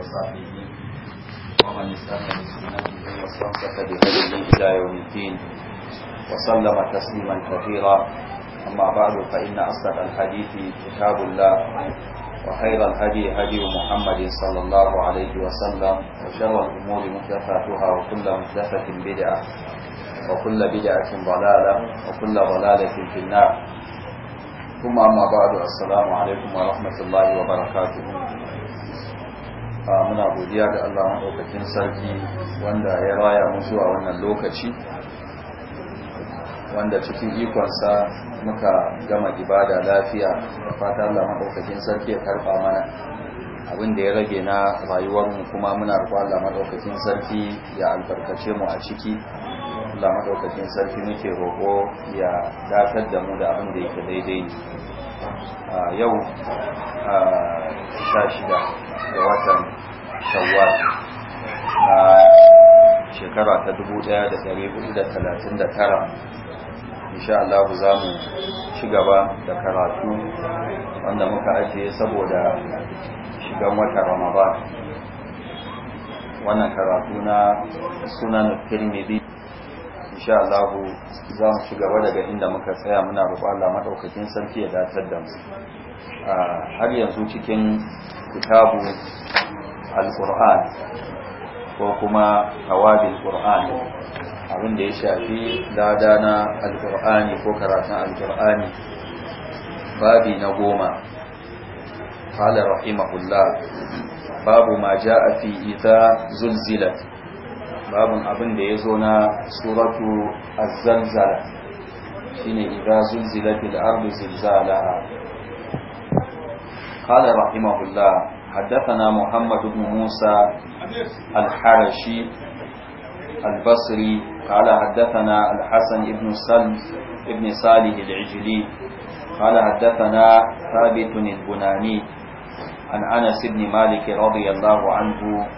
وصحبه ومن استنى بسنته واستمسك بهديه الى يوم الدين وسلم تسليما كثيرا اما بعد فان اصدق الحديث كتاب الله وخير الهدي هدي محمد صلى الله عليه وسلم وشر الامور محدثاتها وكل محدثه بدعه وكل بدعه ضلاله وكل ضلاله في النار ثم أما بعد السلام عليكم ورحمة الله وبركاته muna godiya ga Allah maɗaukakin sarki wanda ya raya mu zuwa wannan lokaci wanda cikin ikonsa muka gama ibada lafiya da fata Allah maɗaukakin sarki ya karɓa mana abin da ya rage na rayuwarmu kuma muna roƙo Allah maɗaukakin sarki ya albarkace mu a ciki Allah maɗaukakin sarki muke roƙo ya datar da mu da abin da yake daidai yau sha shida ga watan shawar na shekara ta 1439 insha Allah za mu ci gaba da karatu wanda muka ajiye saboda shigan wata ramadan wannan karatu na sunan tirmidhi insha Allah za mu ci gaba daga inda muka tsaya muna roƙo Allah madaukakin sarki ya datar da mu a har yanzu cikin kitabu al-Qur'an ko kuma hawadin Qur'an abin da ya shafi lada na al quran ko karatun al quran babi na goma قال رحمه الله باب ما جاء في إذا babin abin da ya zo na suratu azalzala shi ne idan zulzila fil ardu zulzala kada rahimahullah haddathana muhammad ibn musa al-harashi al-basri kada haddathana al ibn salih ibn salih al-ijli kada haddathana thabit ibn bunani an anas ibn malik radiyallahu anhu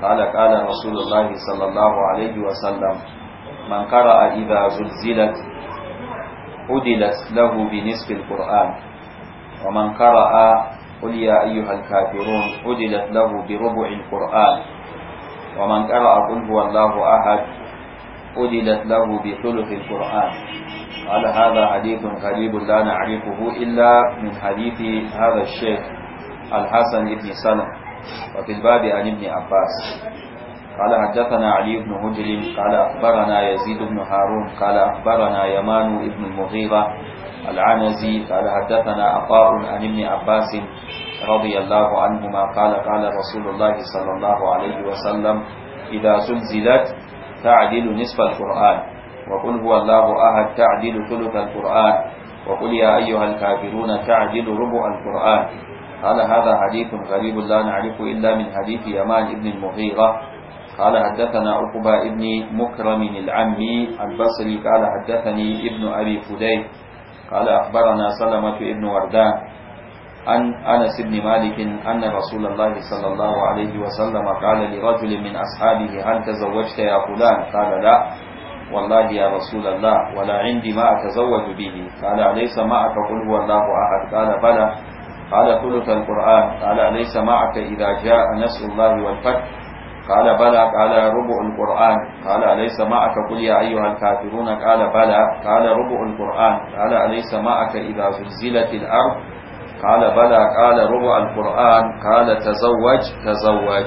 قال قال رسول الله صلى الله عليه وسلم من قرأ إذا زلزلت عدلت له بنصف القرآن ومن قرأ قل يا أيها الكافرون عدلت له بربع القرآن ومن قرأ قل هو الله أحد عدلت له بثلث القرآن قال هذا حديث غريب لا نعرفه إلا من حديث هذا الشيخ الحسن بن سلم وفي الباب عن ابن عباس قال حدثنا علي بن مجرم قال أخبرنا يزيد بن هارون قال أخبرنا يمان بن المغيرة العنزي قال حدثنا عطاء عن ابن عباس رضي الله عنهما قال قال رسول الله صلى الله عليه وسلم إذا زلزلت تعدل نصف القرآن وقل هو الله أحد تعدل ثلث القرآن وقل يا أيها الكافرون تعدل ربع القرآن قال هذا حديث غريب لا نعرفه إلا من حديث يمان ابن المغيرة قال حدثنا عقبة ابن مكرم العمي البصري قال حدثني ابن أبي فديك قال أخبرنا سلمة ابن وردان عن أنس بن مالك أن رسول الله صلى الله عليه وسلم قال لرجل من أصحابه هل تزوجت يا فلان قال لا والله يا رسول الله ولا عندي ما أتزوج به قال أليس معك قل هو الله أحد قال بلى قال ثلث القرآن قال أليس معك إذا جاء نصر الله والفتح قال بلى قال ربع القرآن قال أليس معك قل يا أيها الكافرون قال بلى قال ربع القرآن قال أليس معك إذا زلزلت الأرض قال بلى قال ربع القرآن قال تزوج تزوج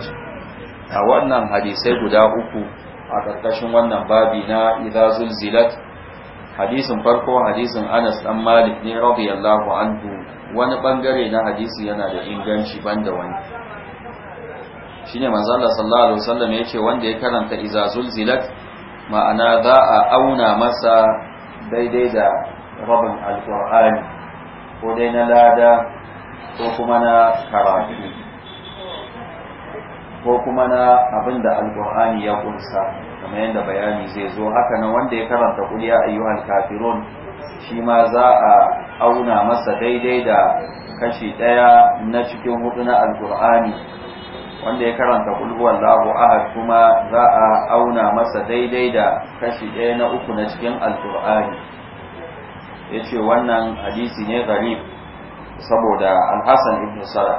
a wannan hadisai guda uku a ƙarƙashin wannan babi na idza zulzilat hadisin farko hadisin Anas dan Malik ne radiyallahu anhu wani bangare na hadisi yana da inganci banda wani shine ne Allah sallallahu alaihi wasallam ce wanda ya karanta iza zulzilat ma'ana za a auna masa daidai da rabin alqur'ani ko dai na lada ko kuma na karatu ko kuma na abinda alƙur'ani ya kunsa kamar yadda bayani zai zo haka nan wanda ya karanta ƙuli ya ayyuhal kafirun shi ma za a auna masa daidai da kashi ɗaya na cikin hudu na alkur'ani wanda ya karanta kulhuwan lahu ahad kuma za a auna masa daidai da kashi ɗaya na uku na cikin alkur'ani ya ce wannan hadisi ne garib saboda alhassan ibn sara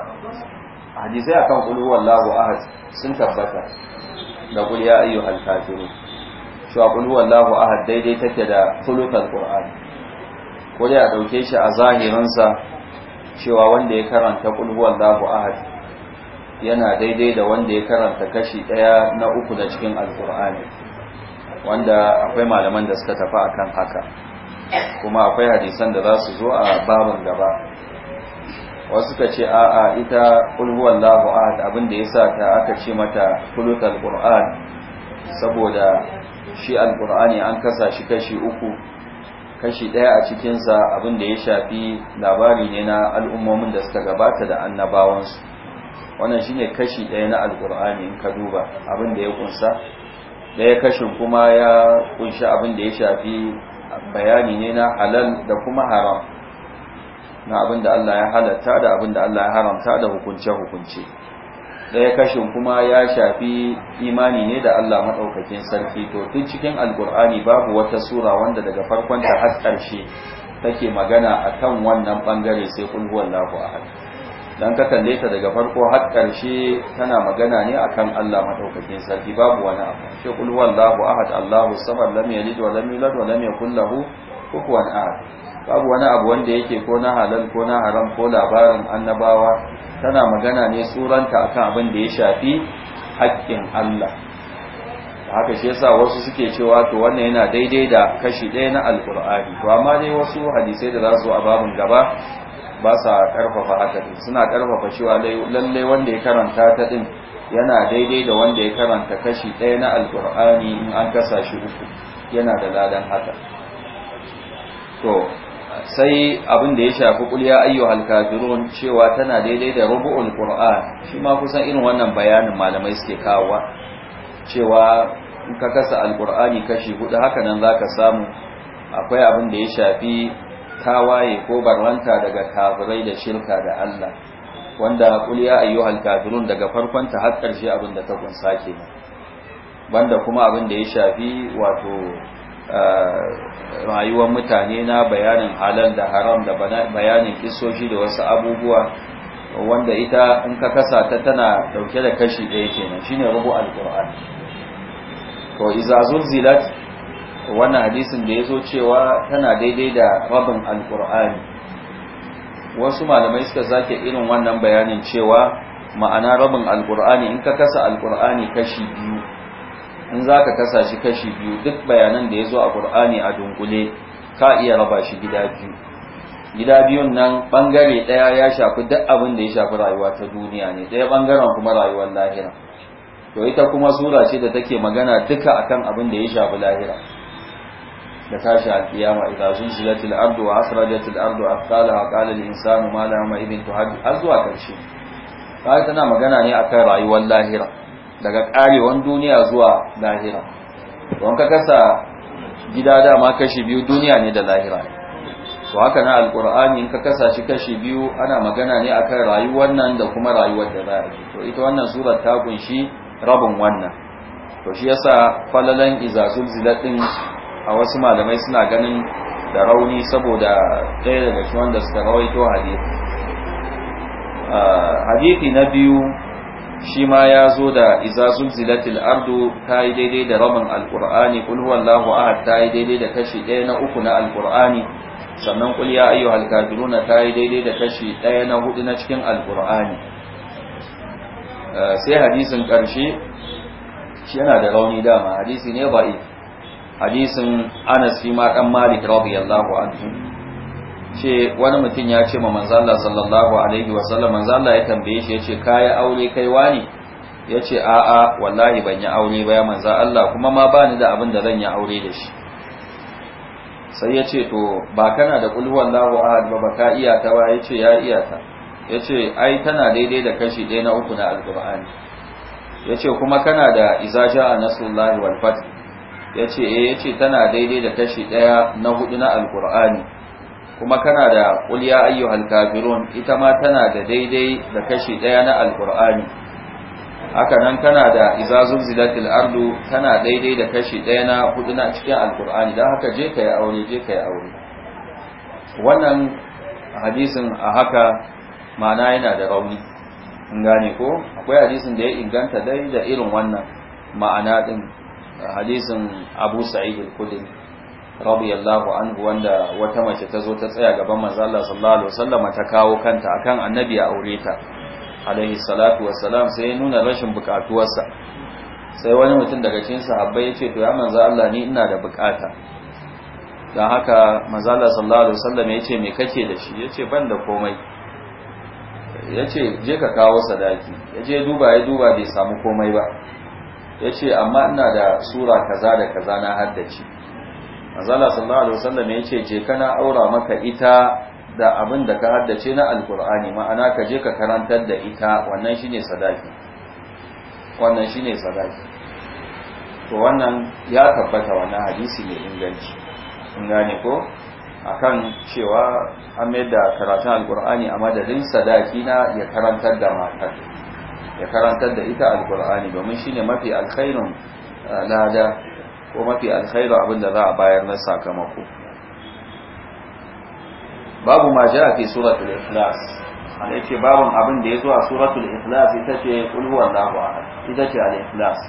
hadisai akan kulhuwan lahu ahad sun tabbata da kul ya kafiru alkafiru cewa kulhuwan lahu ahad daidai take da tulukal qur'ani ko dai a ɗauke shi a zahirinsa cewa wanda ya karanta ƙulhuwan lahu ahad yana daidai da wanda ya karanta kashi ɗaya na uku da cikin alkur'ani wanda akwai malaman da suka tafi akan haka kuma akwai hadisan da za su zo a babin gaba wasu ka ce a'a ita ƙulhuwan lahu ahad abin da ya sa ta aka ce mata kulutar ƙur'an saboda shi alkur'ani an kasa shi kashi uku kashi ɗaya a cikinsa abin da ya shafi labari ne na al'ummomin da suka gabata da annabawansu wannan shine kashi ɗaya na alkur'ani in ka duba abin da ya kunsa ɗaya kashin kuma ya kunshi abin da ya shafi bayani ne na halal da kuma haram na abin da Allah ya halatta da abin da Allah ya haramta da hukunce-hukunce ɗaya kashin kuma ya shafi imani ne da Allah maɗaukakin sarki to tun cikin alkur'ani babu wata sura wanda daga farkonta har ƙarshe take magana akan wannan ɓangare sai ƙulhuwan lahu a don ka kalle ta daga farko har ƙarshe tana magana ne akan kan Allah maɗaukakin sarki babu wani abu shi ƙulhuwan lahu ahad Allahu samad lam yalid wa lam yulad wa lam yakul lahu kufuwan ahad babu wani abu wanda yake ko na halal ko na haram ko labarin annabawa tana magana ne suranta akan abin da ya shafi haƙƙin Allah haka shi yasa wasu suke cewa to wannan yana daidai da kashi ɗaya na alƙur'ani to amma dai wasu hadisai da zasu a babin gaba ba sa karfafa haka din suna karfafa cewa lalle wanda ya karanta ta din yana daidai da wanda ya karanta kashi ɗaya na alƙur'ani in an kasa shi uku yana da ladan haka to sai abin da ya shafi kuliya ayyu ayyuhal kafirun cewa tana daidai da rubu'ul qur'an shi ma kusan irin wannan bayanin malamai suke kawowa cewa in ka kasa alqur'ani kashi hudu haka nan zaka samu akwai abin da ya shafi tawaye ko barwanta daga kafirai da shirka da Allah wanda kul ayyu ayyuhal kafirun daga farkon ta har karshe abin da ta kunsa ke banda kuma abin da ya shafi wato Eh, rayuwar mutane na bayanin halal da haram da bayanin kisoshi da wasu abubuwa wanda ita in ka kasa ta tana dauke da kashi ɗaya kenan shine rubu alquran to iza zulzilat wannan hadisin da yazo cewa tana daidai da rabin alquran wasu malamai suka zake irin wannan bayanin cewa ma'ana rabin alqur'ani in ka kasa alqur'ani kashi biyu in za ka kasa shi kashi biyu duk bayanan da ya zo a ƙur'ani a dunkule ka iya raba shi gida biyu gida biyun nan ɓangare ɗaya ya shafi duk abin da ya shafi rayuwa ta duniya ne ɗaya ɓangaren kuma rayuwar lahira to ita kuma sura ce da take magana duka akan abin da ya shafi lahira da tashi alkiyama idza zulzilatil ardu wa asrajatil ardu athqalaha qala al insanu ma ma har zuwa karshe ta tana magana ne akan rayuwar lahira daga karewan duniya zuwa lahira Wanka ka kasa gida dama kashi biyu duniya ne da lahira to haka na alkur'ani in ka kasa shi kashi biyu ana magana ne akan rayuwar nan da kuma rayuwar da za a to ita wannan surar ta kunshi rabin wannan to shi yasa falalan iza zulzilat din a wasu malamai suna ganin da rauni saboda ɗaya daga shi wanda suka rawaito ah, hadithi na biyu shi ma ya zo da iza zulzilatil ardu ta yi daidai da rabin alkur'ani kul huwallahu ahad ta yi daidai da kashi ɗaya na uku na alkur'ani sannan kul ya ayyu alkafiruna ta yi daidai da kashi ɗaya na hudu na cikin alkur'ani eh, sai hadisin ƙarshe shi yana da rauni dama hadisi ne ba'i hadisin anas shi ma dan malik radiyallahu anhu ce wani mutum ya ce ma manzo Allah sallallahu alaihi wasallam manzo Allah ya tambaye shi yace kai aure kai wani yace a a wallahi ban yi aure ba ya manzo Allah kuma ma bani da abin da zan yi aure da shi sai yace to ba kana da qul huwallahu ahad ba ka iya ta ba yace ya iya ta yace ai tana daidai da kashi ɗaya na uku na alqur'ani yace kuma kana da izaja a nasrullahi wal fath yace eh yace tana daidai da kashi ɗaya na hudu na alqur'ani kuma kana da qul ya ayyuhal kafirun ita ma tana da daidai da kashi daya na alqur'ani haka nan kana da idza zulzilatil ardu tana daidai da kashi daya na hudu na cikin alqur'ani dan haka je kai aure je kai aure wannan hadisin a haka ma'ana yana da rauni in gane ko akwai hadisin da ya inganta dai da irin wannan ma'ana din hadisin Abu Sa'id al-Khudri radiyallahu anhu wanda wata mace ta zo ta tsaya gaban manzo Allah sallallahu alaihi wasallam ta kawo kanta akan annabi a aure ta alaihi salatu wassalam sai ya nuna rashin bukatuwarsa sai wani mutum daga cikin sahabbai ya ce to ya manzo Allah ni ina da bukata dan haka manzo Allah sallallahu alaihi wasallam ya ce me kake da shi ya ce ban da komai ya ce je ka kawo sadaki ya je duba ya duba bai samu komai ba ya ce amma ina da sura kaza da kaza na haddace manzala sallallahu alaihi wasallam ya ce je kana aura maka ita da abin da ka haddace na alqur'ani ma'ana ka je ka karantar da ita wannan shine sadaki wannan shine sadaki to wannan ya tabbata wannan hadisi ne inganci in gane ko akan cewa an mai da karatun alqur'ani a madadin sadaki na ya karantar da mata ya karantar da ita alqur'ani domin shine mafi alkhairun eh, lada ko mafi alkhairu abin da za a bayar na sakamako babu ma ja fi suratul ikhlas an yace babun abin da ya zo a suratul ikhlas ita ce qul huwallahu ahad ita ce al ikhlas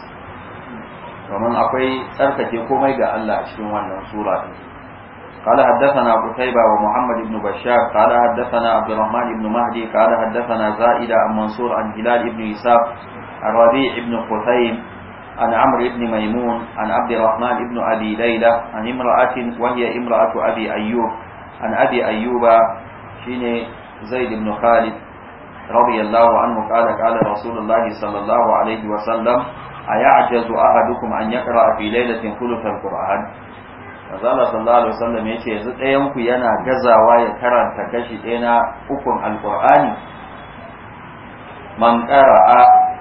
domin akwai tsarkake komai ga Allah a cikin wannan sura قال حدثنا قتيبة ومحمد بن بشار قال حدثنا عبد الرحمن بن مهدي قال حدثنا زائدة عن منصور عن هلال بن يساق الربيع بن خثيم عن عمرو بن ميمون عن عبد الرحمن بن أبي ليلى عن امرأة وهي امرأة أبي أيوب عن أبي أيوب شين زيد بن خالد رضي الله عنه قال قال رسول الله صلى الله عليه وسلم أيعجز أحدكم أن يقرأ في ليلة ثلث القرآن Azala sallallahu alaihi wasallam yace yanzu ɗayan ku yana gazawa ya karanta kashi ɗaya na ukun alqur'ani man qara'a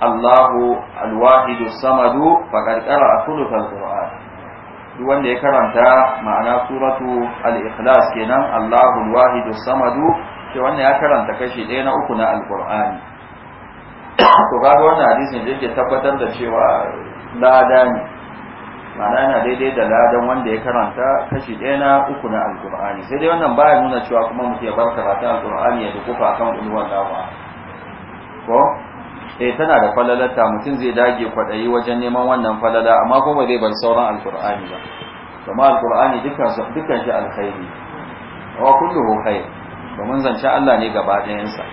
Allahu alwahidu samadu faqad qara'a thuluthal qur'an duk wanda ya karanta ma'ana suratu al-ikhlas kenan Allahu alwahidu samadu ce wanda ya karanta kashi ɗaya na uku na alqur'ani to kaga wannan hadisin da yake tabbatar da cewa lada ne ma'ana yana daidai da ladan wanda ya karanta kashi ɗaya na uku na alqur'ani sai dai wannan baya nuna cewa kuma mutum ya bar karatun alqur'ani ya dukufa akan ulwan lawa ko eh tana da falalata mutum zai dage kwaɗayi wajen neman wannan falala amma kuma zai bar sauran alqur'ani ba kuma alkur'ani dukkan shi alkhairi wa kulluhu khair domin zance Allah ne gaba sa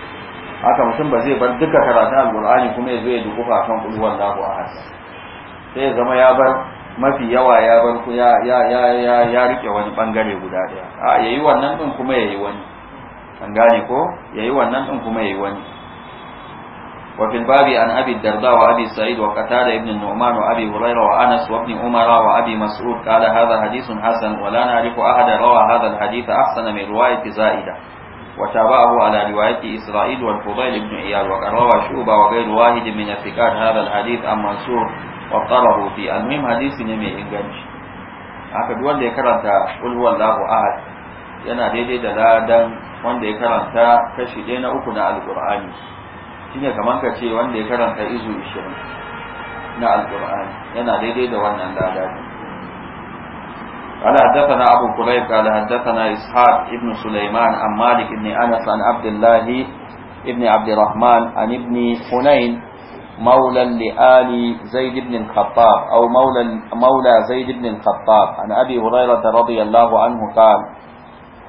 haka mutum ba zai bar duka karatun alkur'ani kuma ya zo ya dukufa kan kullu wallahu ahad sai ya zama ya bar mafi yawa ya bar ya ya ya ya rike wani bangare guda daya a yayi wannan din kuma yayi wani an gane ko yayi wannan din kuma yayi wani وفي الباب عن أبي الدرداء وأبي سعيد وقتادة ابن النعمان وأبي هريرة وأنس وابن عمر وأبي مسعود قال هذا حديث حسن ولا نعرف أحد روى هذا الحديث أحسن من رواية زائدة وتابعه على رواية إسرائيل والفضيل بن عيال وقد روى وغير واحد من الثقات هذا الحديث عن منصور واضطره في المهم حديث نمي إنجلش haka duk wanda ya karanta qul huwallahu ahad yana daidai da ladan wanda ya karanta kashi ɗaya na uku na alqur'ani shine kamar ka ce wanda ya karanta izu ishirin na alkur'ani yana daidai da wannan dada ne ala'adatana abu kurai ka ala'adatana ishaq ibn sulaiman an malik ibn anas an abdullahi ibn abdurrahman an ibn hunain maulan da ali zai au maula zai dibnin kattab an abi hurairata radiyallahu anhu ka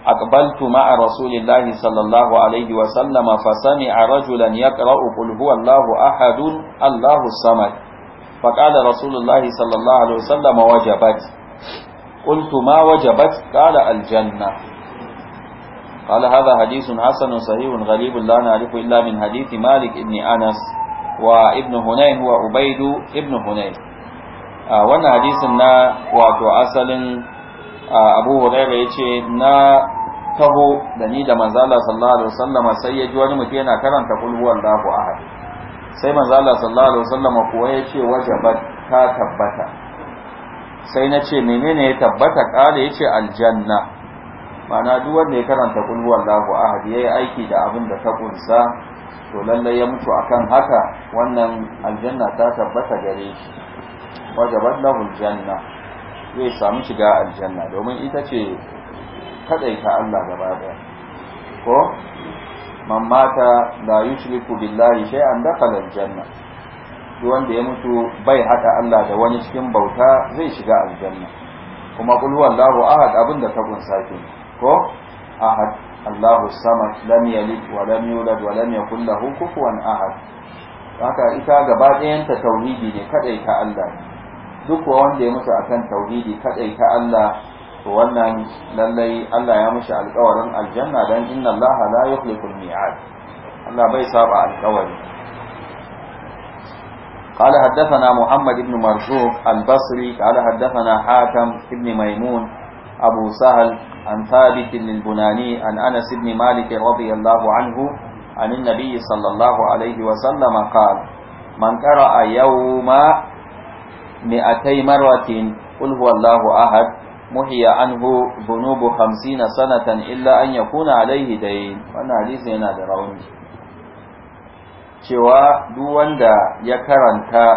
أقبلت مع رسول الله صلى الله عليه وسلم فسمع رجلا يقرأ قل هو الله أحد الله الصمد فقال رسول الله صلى الله عليه وسلم وجبت قلت ما وجبت قال الجنة قال هذا حديث حسن صحيح غريب لا نعرف إلا من حديث مالك ابن أنس وابن هنين وعبيد ابن هنين آه وانا حديثنا وعطو أسل abu huraira ya ce na taho da ni da manzala sallallahu alaihi wasallam sai ya ji wani mutum yana karanta kulhuwan a ahad sai manzala sallallahu alaihi wasallam kuwa ya ce wajabat ta tabbata sai na ce menene ya tabbata kada ya ce aljanna ma'ana duk wanda ya karanta a lahu ya yayi aiki da abin da ta kunsa to lallai ya mutu akan haka wannan aljanna ta tabbata gare shi wajabat lahu aljanna zai samu shiga aljanna domin ita ce kadaita Allah gaba daya ko man mata la yushriku billahi shay'an dakhala aljanna duk wanda ya mutu bai hada Allah da wani cikin bauta zai shiga aljanna kuma qul huwallahu ahad abinda ka kunsa ke ko ahad Allahu samad lam yalid wa lam yulad wa lam yakul lahu kufuwan ahad haka ita gaba ɗayanta tauhidi ne kadaita Allah ne duk wanda ya mutu akan tauhidi kadai ta Allah to wannan lallai Allah ya mishi alƙawarin aljanna dan inna Allah la yukhliqu al-mi'ad Allah bai saba alƙawari قال حدثنا محمد بن مرزوق البصري قال حدثنا حاتم بن ميمون أبو سهل عن ثابت البناني عن أنس بن مالك رضي الله عنه عن النبي صلى الله عليه وسلم قال من قرأ يوم a marwatin qul huwallahu ahad muhiya anhu dhunubu 50 sanatan illa an yakuna alaihi dayn wannan hadisi yana da rauni cewa duk wanda ya karanta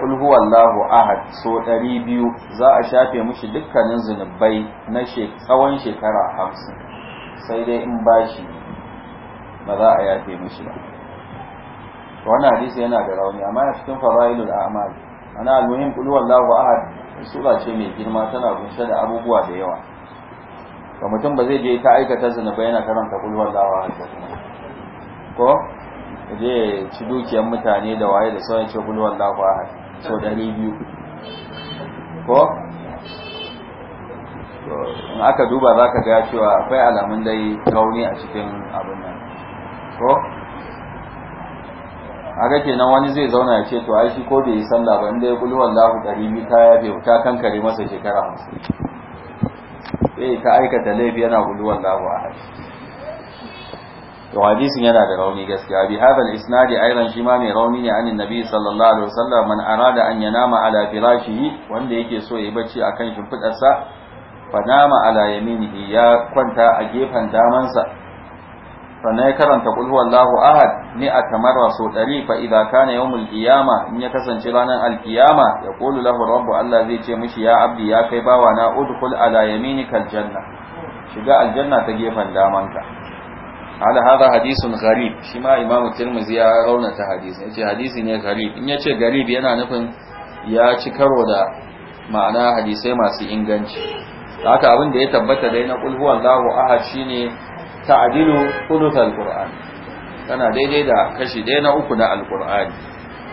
qul huwallahu ahad so 200 za a shafe mishi dukkanin zunubai na tsawon shekara 50 sai dai in bashi ba za a yafe mishi ba wannan hadisi yana da rauni amma cikin fadailul a'mal ana almuhim Kuluwar wallahu ahad sura ce mai girma tana kunshe da abubuwa da yawa ba mutum ba zai je ta aikata zunuba yana karanta Kuluwar wallahu ahad ba ko je ci dukiyar mutane da waye da sauran ce kul wallahu ahad so biyu, ko in aka duba za ka ga cewa akwai alamun dai rauni a cikin abin nan ko haka kenan wani zai zauna ya ce to ai shi ko bai yi sallah ba inda ya kulu wallahu ɗari biyu ta yabe ta kankare masa shekara hamsin eh ka aikata laifi yana kulu wallahu a to hadisin yana da rauni gaskiya bi hadal isnadi aidan shi ma mai rauni ne anin nabi sallallahu alaihi wasallam man arada an yanama ala firashihi wanda yake so yayi bacci akan shimfidarsa fa nama ala yaminihi ya kwanta a gefen damansa sannan ya karanta kul huwallahu ahad ni atamarra so dari fa idza kana yawmul qiyama in ya kasance ranar alqiyama ya qulu lahu rabbu Allah zai ce mishi ya abdi ya kai bawa na udkhul ala yaminika aljanna shiga aljanna ta gefen ka. ala hada hadisun gharib shi ma imamu tirmidhi ya raunata hadisi yace hadisi ne gharib in yace gharib yana nufin ya ci karo da ma'ana hadisai masu inganci haka abin da ya tabbata dai na qul huwallahu ahad shine ta'dilu thuluth al-Qur'an kana daidai da kashi ɗaya na uku na al-Qur'ani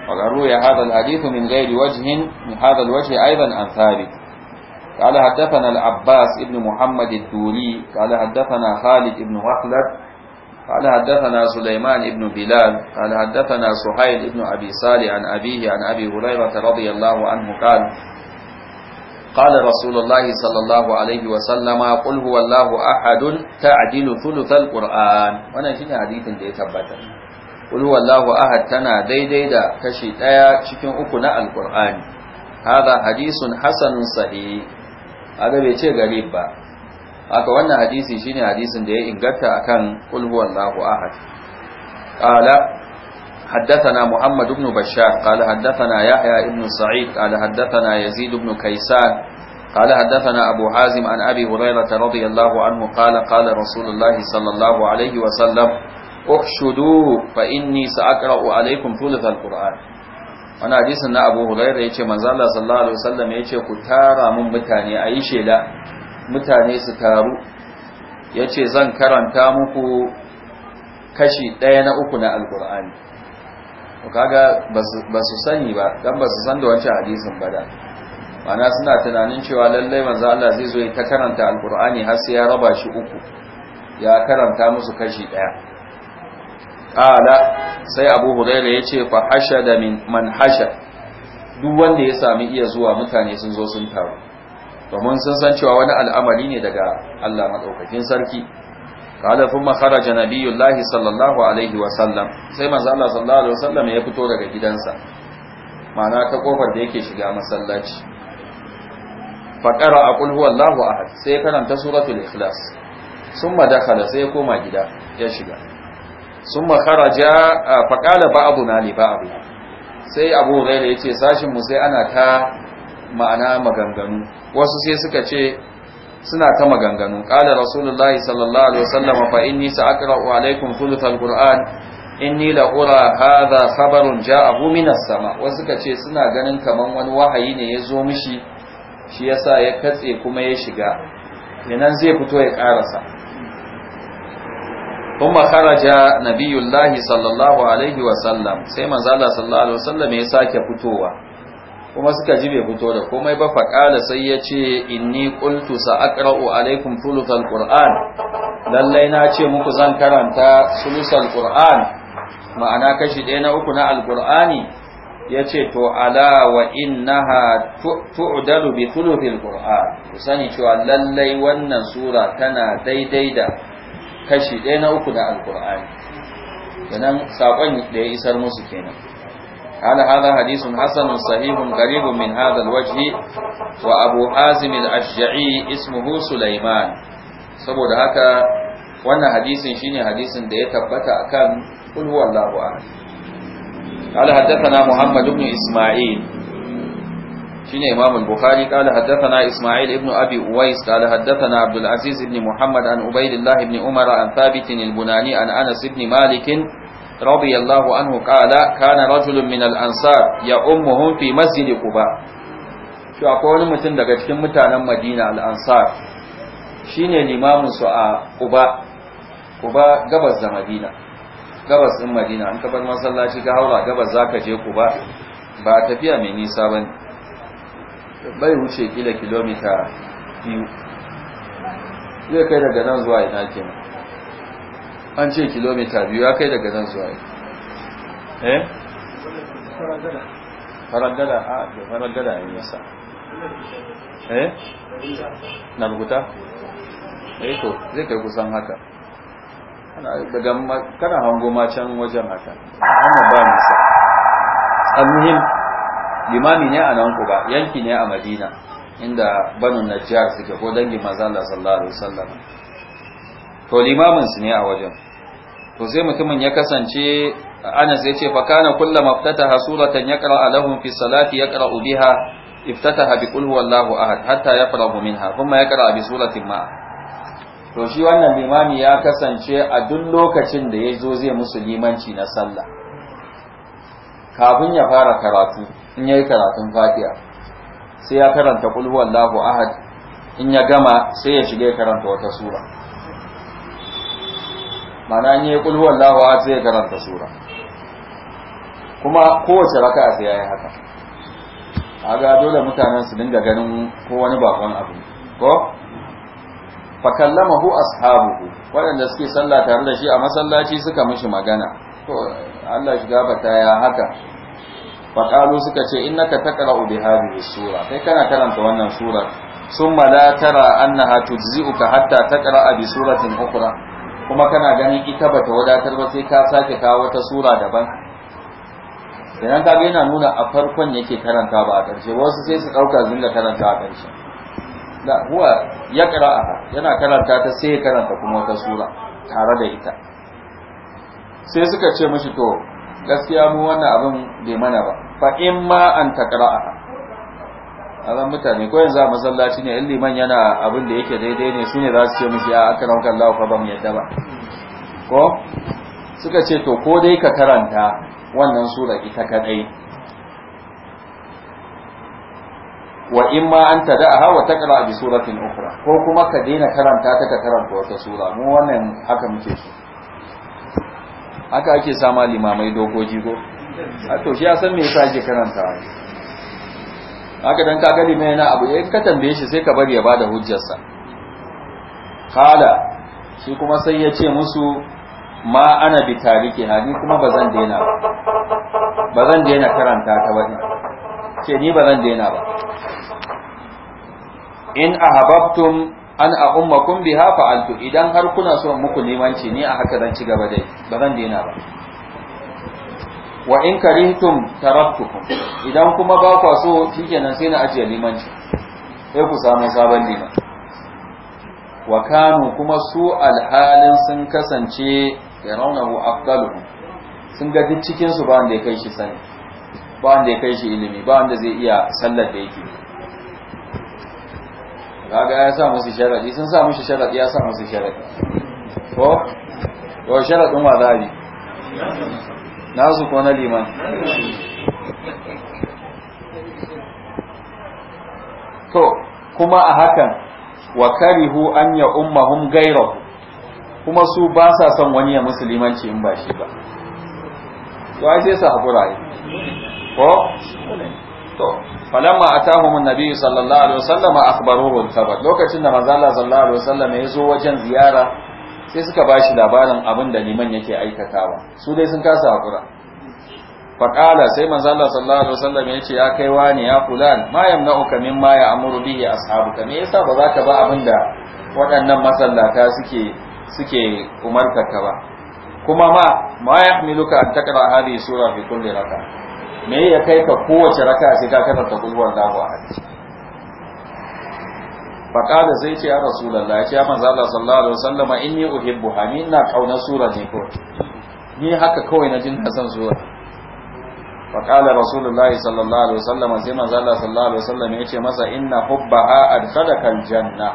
wa garu ya hada al-hadith min ghairi wajhin min hada al-wajhi aidan an thabit قال حدثنا العباس ابن محمد الدولي قال حدثنا خالد ابن مخلد قال حدثنا سليمان ابن بلال قال حدثنا سهيل ابن أبي صالح عن أبيه عن أبي هريرة رضي الله عنه قال قال رسول الله صلى الله عليه وسلم قل هو الله أحد تعدل ثلث القرآن وانا شنو حديث da ya tabbata قل هو الله tana daidai da kashi daya cikin uku na alqur'ani hada hadisun hasanun sahih hada bai ce garib ba haka wannan hadisi shine hadisin da ya inganta akan qul huwallahu ahad qala حدثنا محمد بن بشار قال حدثنا يحيى بن سعيد قال حدثنا يزيد بن كيسان قال حدثنا أبو حازم عن أبي هريرة رضي الله عنه قال قال رسول الله صلى الله عليه وسلم احشدوا فإني سأقرأ عليكم ثلث القرآن wani hadisin na abu hulaira ya ce manzala sallallahu alaihi wasallam ya ce ku tara mun mutane a yi shela mutane su taru ya ce zan karanta muku kashi ɗaya na uku na alkur'ani kaga ba su sani ba dan ba su san da wancan hadisin ba da mana suna tunanin cewa lallai manzo Allah zai zo ya ta karanta alqur'ani har sai ya raba shi uku ya karanta musu kashi daya qala sai Abu Hurairah yace fa hashada min man hasha duk wanda ya sami iya zuwa mutane sun zo sun taru domin sun san cewa wani al'amari ne daga Allah madaukakin sarki qala thumma kharaja nabiyullahi sallallahu alaihi wa sallam sai manzo Allah sallallahu alaihi wa sallam ya fito daga gidansa ma'ana ta kofar da yake shiga masallaci fa qara'a qul huwallahu ahad sai karanta suratul ikhlas summa dakhala sai koma gida ya shiga summa kharaja fa qala ba'duna li ba'd sai Abu Hurairah yace sashin mu sai ana ta ma'ana maganganu wasu sai suka ce suna ta maganganu qala rasulullahi sallallahu alaihi wasallam fa inni sa'qra'u alaikum thuluthal qur'an inni la ura hadha khabarun ja'ahu minas sama wasu ce suna ganin kaman wani wahayi ne ya zo mishi shi yasa ya katse kuma ya shiga kenan zai fito ya karasa kuma kharaja nabiyullahi sallallahu alaihi wasallam sai manzo Allah sallallahu alaihi wasallam ya sake fitowa kuma suka ji bai fito da komai ba faƙala sai ya ce inni qultu sa'aqra'u alaikum sulusal qur'an lallai na ce muku zan karanta sulusal ƙur'an, ma'ana kashi ɗaya na uku na alqur'ani yace to ala wa innaha tu'dalu bi thuluthil qur'an ku sani cewa lallai wannan sura tana daidai da kashi ɗaya na uku na alqur'ani kenan saƙon da ya isar musu kenan قال هذا حديث حسن صحيح قريب من هذا الوجه وأبو حازم الأشجعي اسمه سليمان saboda haka wannan hadisin shine hadisin da ya tabbata akan kul huwallahu ahad قال حدثنا محمد بن اسماعيل شنو امام البخاري قال حدثنا اسماعيل ابن ابي اويس قال حدثنا عبد العزيز بن محمد عن عبيد الله بن عمر عن ثابت البناني عن انس بن مالك رضي الله عنه قال كان رجل من ya يأمهم في مسجد قباء shi akwai wani mutum daga cikin mutanen madina ansar shi ne su a kuba kuba gabas da madina gabas ɗin madina an kabar masallaci ga haura gabas za ka je kuba ba tafiya mai nisa ba bai wuce kila kilomita biyu zai kai daga nan zuwa ina kenan an ce kilomita biyu ya kai daga nan zuwa yi eh faragada a da faragada ya nisa eh na rubuta eh to zai kai kusan haka daga kana hango ma can wajen haka amma ba nisa almuhim limami ne a nan kuba yanki ne a madina inda banu najjar suke ko dangin mazan da sallallahu alaihi wasallam to limamin su ne a wajen to sai mutumin ya kasance Anas yace fa kana kullama iftataha suratan yaqra lahum fi salati yaqra biha iftataha bi qul huwallahu ahad hatta yafrahu minha kuma yaqra bi suratin ma to shi wannan limami ya kasance a duk lokacin da yazo zai musu limanci na sallah kafin ya fara karatu in yayi karatun fatiha sai ya karanta qul huwallahu ahad in ya gama sai ya shige karanta wata sura mana an yi kulhu wallahu a sai karanta sura kuma kowace raka'a sai yayi haka aga dole mutanen su dinga ganin ko wani bakon abu ko fa kallamahu ashabuhu waɗanda suke sallah tare da shi a masallaci suka mishi magana to Allah shi gabata ya haka fa kalu suka ce innaka taqra'u bi hadhihi sura kai kana karanta wannan sura summa la tara annaha tujzi'uka hatta taqra'a bi suratin ukhra kuma kana ganin ita bata wadatar ba sai ka sake kawo wata sura daban idan ka yana nuna a farkon yake karanta ba a ƙarshe wasu sai su ɗauka zinga karanta a ƙarshe da huwa ya ƙara ka yana karanta ta sai karanta kuma wata sura tare da ita sai suka ce mashi to gaskiya mu wannan abin bai mana ba fa in ma an ta ka. azan mutane ko yanzu a masallaci ne in liman yana abin da yake daidai ne su ne za su ce mishi a aka rauka Allah fa ba mu yadda ba ko suka ce to ko dai ka karanta wannan sura ita kadai wa in ma an tada'aha wa taqra bi suratin ukhra ko kuma ka daina karanta ta ka karanta wata sura mu wannan haka muke so haka ake sama limamai dokoki ko a to shi ya san me yasa ake karanta haka dan ka gani mai yana abu eh ka tambaye shi sai ka bari ya bada hujjarsa kala shi kuma sai ya ce musu ma ana bi tariki na ni kuma bazan daina ba bazan daina karanta ta ba ce ni bazan daina ba in ahabbtum an a biha fa'altu idan har kuna so muku limanci ni a haka zan ci gaba dai bazan daina ba wa in karintum taraktukum idan kuma ba kwa so shikenan sai na ajiye limanci sai ku samu sabon liman wa kanu kuma su alhalin sun kasance ya raunahu afdalu sun ga duk cikin su ba wanda ya kai shi sani ba wanda ya kai shi ilimi ba wanda zai iya sallar da yake kaga ya sa musu sharadi sun sa musu sharadi ya sa musu sharadi ko to sharadin wa zabi nasu ko na liman to kuma a hakan wa karihu an ya ummahum gairo kuma su ba sa son wani ya musulmanci in ba shi ba to ai sai su hakura yi ko to falamma atahum annabi sallallahu alaihi wasallam akhbaruhu al lokacin da manzo Allah sallallahu alaihi wasallam ya zo wajen ziyara sai suka ba shi labarin abin da liman yake aikatawa su dai sun kasa hakura faƙala sai manzala sallallahu alaihi wasallam ya ce ya kai wani ya fulan ma yamna'uka ma ya amuru bihi ashabuka me yasa ba za ka ba abin da waɗannan masallata suke suke ba kuma ma ma yahmiluka an taqra hadhihi sura fi kulli raka me ya kai ka kowace raka sai ka karanta kulwar a ahad faƙada zai ce ya rasulallah ya ce ya manzo Allah sallallahu alaihi wasallama inni uhibbu hamina kauna sura ne ko ni haka kawai na jin san sura Faƙada rasulullahi sallallahu alaihi wasallama sai manzo Allah sallallahu alaihi wasallama ya ce masa inna hubbaha adkhalaka aljanna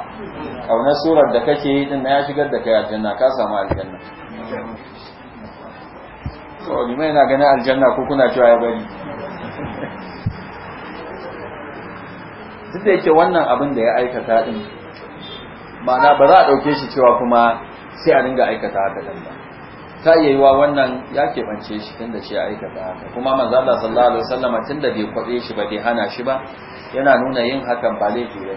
kauna sura da kake yi din ya shigar da kai aljanna ka samu aljanna to mai na ganin aljanna ko kuna cewa ya bari duk da yake wannan abin da ya aikata din ma'ana ba za a ɗauke shi cewa kuma sai a dinga aikata haka ɗan ba ta iya yi wa wannan ya keɓance shi tun da shi ya aikata haka kuma manzo sallallahu alaihi wasallam tun da bai kwaɗe shi ba bai hana shi ba yana nuna yin hakan ba laifi ba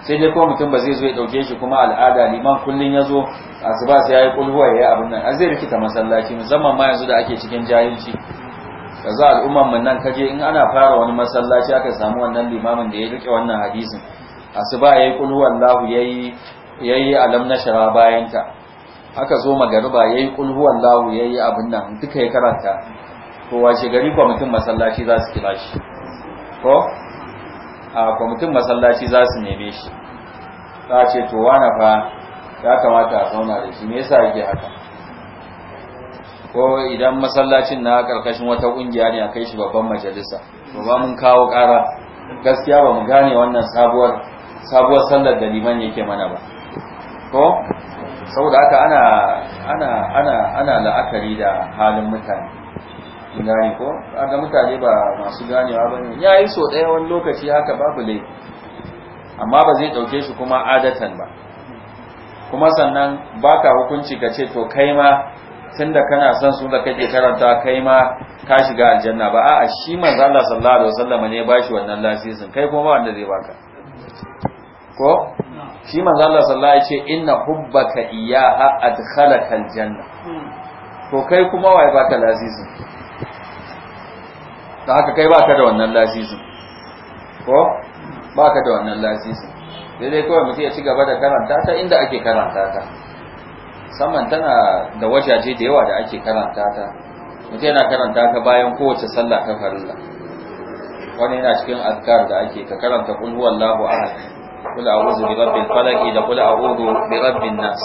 sai dai kuma mutum ba zai zo ya ɗauke shi kuma al'ada liman kullum ya zo asuba sai ya yi ƙulhuwa ya yi abin nan a zai rikita masallaci musamman ma yanzu da ake cikin jahilci za al'umman mun nan kaje in ana fara wani masallaci aka samu wannan limamin da ya rike wannan hadisin asuba yayi qul huwallahu yayi yayi alam nashra bayan ta aka zo magariba yayi qul huwallahu yayi abin nan duka ya karanta to washe gari kwamitin masallaci za su kira shi ko a kwamitin masallaci za su neme shi za ce to wana fa ya kamata a zauna da shi me yasa yake haka ko idan masallacin na karkashin wata kungiya ne a kai shi babban majalisa to ba mun kawo ƙara gaskiya ba mu gane wannan sabuwar sabuwar sallar da liman yake mana ba ko saboda haka ana ana ana ana la'akari da halin mutane gane ko ga mutane ba masu ganewa ne. yayi so ɗaya wani lokaci haka babu laifi amma ba zai ɗauke shi kuma adatan ba kuma sannan baka hukunci ka ce to kai ma tunda kana son su da kake karanta kai ma ka shiga aljanna ba a'a shi manzo Allah sallallahu alaihi wasallam ne ba shi wannan lasisin kai kuma wanda zai baka ko shi manzo Allah sallallahu alaihi wasallam ya ce inna hubbaka iyyaha adkhalaka aljanna to kai kuma wai baka lasisin da haka kai baka da wannan lasisin ko baka da wannan lasisin dai dai kawai mutum ya ci gaba da karanta ta inda ake karanta ta saman tana da wajaje da yawa da ake karanta ta mutum yana karanta ta bayan kowace sallah ta farilla wani yana cikin azkar da ake ka karanta kul huwallahu ahad kul a'udhu bi rabbil falaq da kul a'udhu bi rabbin nas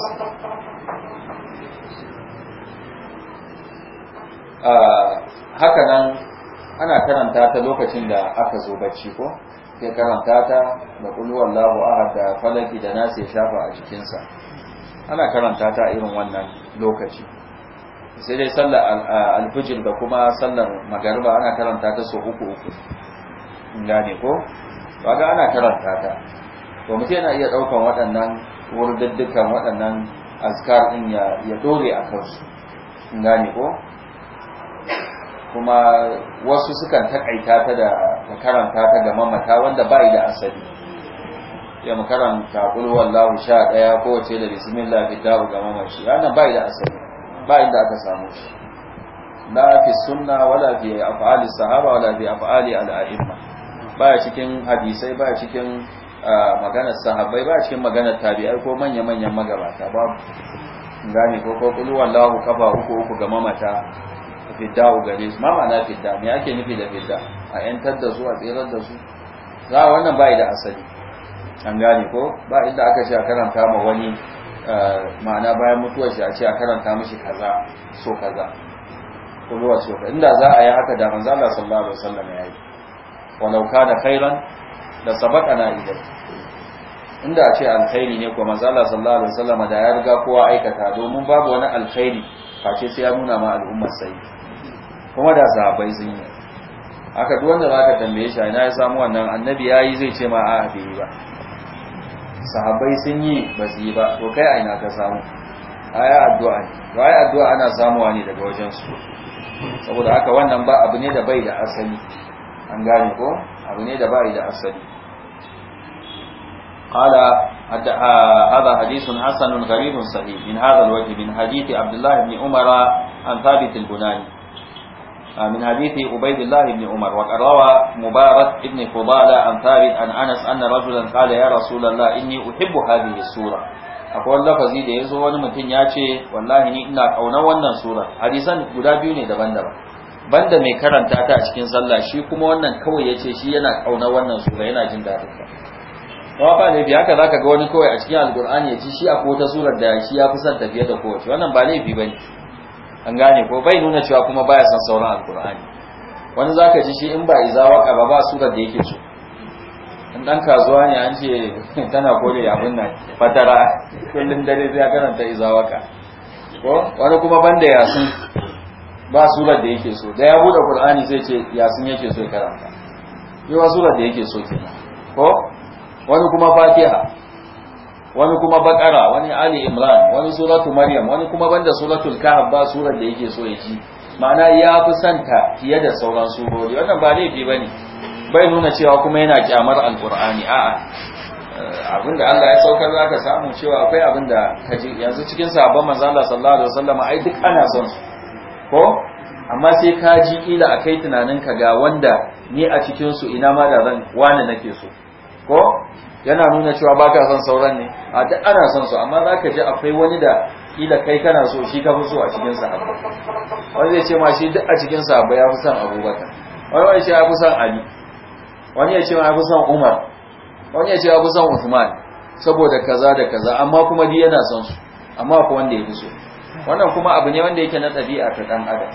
ah, haka nan ana karanta ta lokacin da aka zo bacci ko sai karanta ta da kul huwallahu ahad da falaki da nas ya shafa a jikinsa ana karanta ta irin wannan lokaci sai dai sallar alfijir da kuma sallar magariba ana karanta ta sau uku uku gane ko ga ana karanta ta to mutum yana iya daukan waɗannan wurduddukan waɗannan azkar ɗin ya dore a kansu gane ko kuma wasu sukan takaita ta da karanta ta ga mamata wanda bai da asali ya mu karanta wallahu sha daya ko wace da bismillah fitahu ga mamaci wannan bai da asali bai da aka samu shi la fi sunna wala fi af'ali sahaba wala fi af'ali al-a'imma baya cikin hadisai baya cikin maganar sahabbai baya cikin maganar tabi'ai ko manya-manyan magabata babu gane ko ko kul wallahu kafa uku uku ga mamata fidda ga ne mama ma fi fidda me ake nufi da fidda a yantar da su a tsirar da su za wannan bai da asali an gane ko ba inda aka ce a karanta ma wani eh, ma'ana bayan mutuwar shi a ce a karanta mishi kaza so kaza ko zuwa so kaza inda za a yi haka da manzo Allah sallallahu alaihi wasallam wa law kana khairan da sabaqana ilai inda a ce alkhairi ne kuma manzo Allah sallallahu alaihi wasallam da ya riga kowa aikata domin babu wani alkhairi face sai ya nuna ma al'ummar sai kuma da zabai sun yi haka duk wanda zaka tambaye shi ina ya samu wannan annabi yayi zai ce ma a'a bai ba sahabai sun yi ba su yi ba to kai aina ka samu aya addu'a ne to aya addu'a ana samuwa ne daga wajen su saboda haka wannan ba abu ne da bai da asali an gane ko abu ne da bai da asali qala hada hadithun hasanun gharibun sahih min hadha الوجه min hadith abdullah ibn umara an thabit ثابت البناني من حديث عبيد الله Umar, Wakarawa, Mubarak, روى مبارك بن فضالة عن ثابت عن أنس أن رجلا قال يا رسول الله إني أحب akwai lafazi da ya zo wani mutum ya ce wallahi ni ina ƙaunar wannan sura hadisan guda biyu ne daban-daban banda mai karanta ta cikin sallah shi kuma wannan kawai ya ce shi yana ƙaunar wannan sura yana jin daɗin ta kuma ba laifi haka zaka ga wani kawai a cikin alƙur'ani ya ce shi akwai wata surar da shi ya fi son tafiye da kowace wannan ba laifi ba ne an gane ko bai nuna cewa kuma baya san sauran alkur'ani wani zaka ji shi in ba iza waka ba ba surar da yake so in dan kasuwa ne an ce tana kore abin nan fatara kullum dare zai karanta iza waka ko wani kuma banda yasin ba surar da yake so da ya bude qur'ani zai ce yasin yake so ya karanta wa surar da yake so kenan ko wani kuma fatiha wani kuma bakara wani ali imran wani suratu maryam wani kuma banda suratul kahf ba surar da yake so ya ji, ma'ana ya fi santa fiye da sauran surori wannan ba laifi bane bai nuna cewa kuma yana kyamar alqur'ani a'a eh, abinda Allah ya saukar zaka samu cewa akwai abinda kaji yanzu cikin sahabban manzo Allah sallallahu alaihi wasallam ai duk ana son su ko amma sai ka ji kila akai tunanin ka ga wanda ni a cikin su ina ma da zan wani nake so ko yana nuna cewa ba ka son sauran ne a duk ana son su amma za ka ji akwai wani da kila kai kana so shi ka fi so a cikin abu. wani zai ce ma shi duk a cikin abu ya fi son abubakar wani wani ce ya fi son ali wani ya ce ma ya fi son umar wani ya ce ya fi son uthman saboda kaza da kaza amma kuma duk yana son su amma ko wanda ya fi so wannan kuma abu ne wanda yake na ɗabi'a ta ɗan adam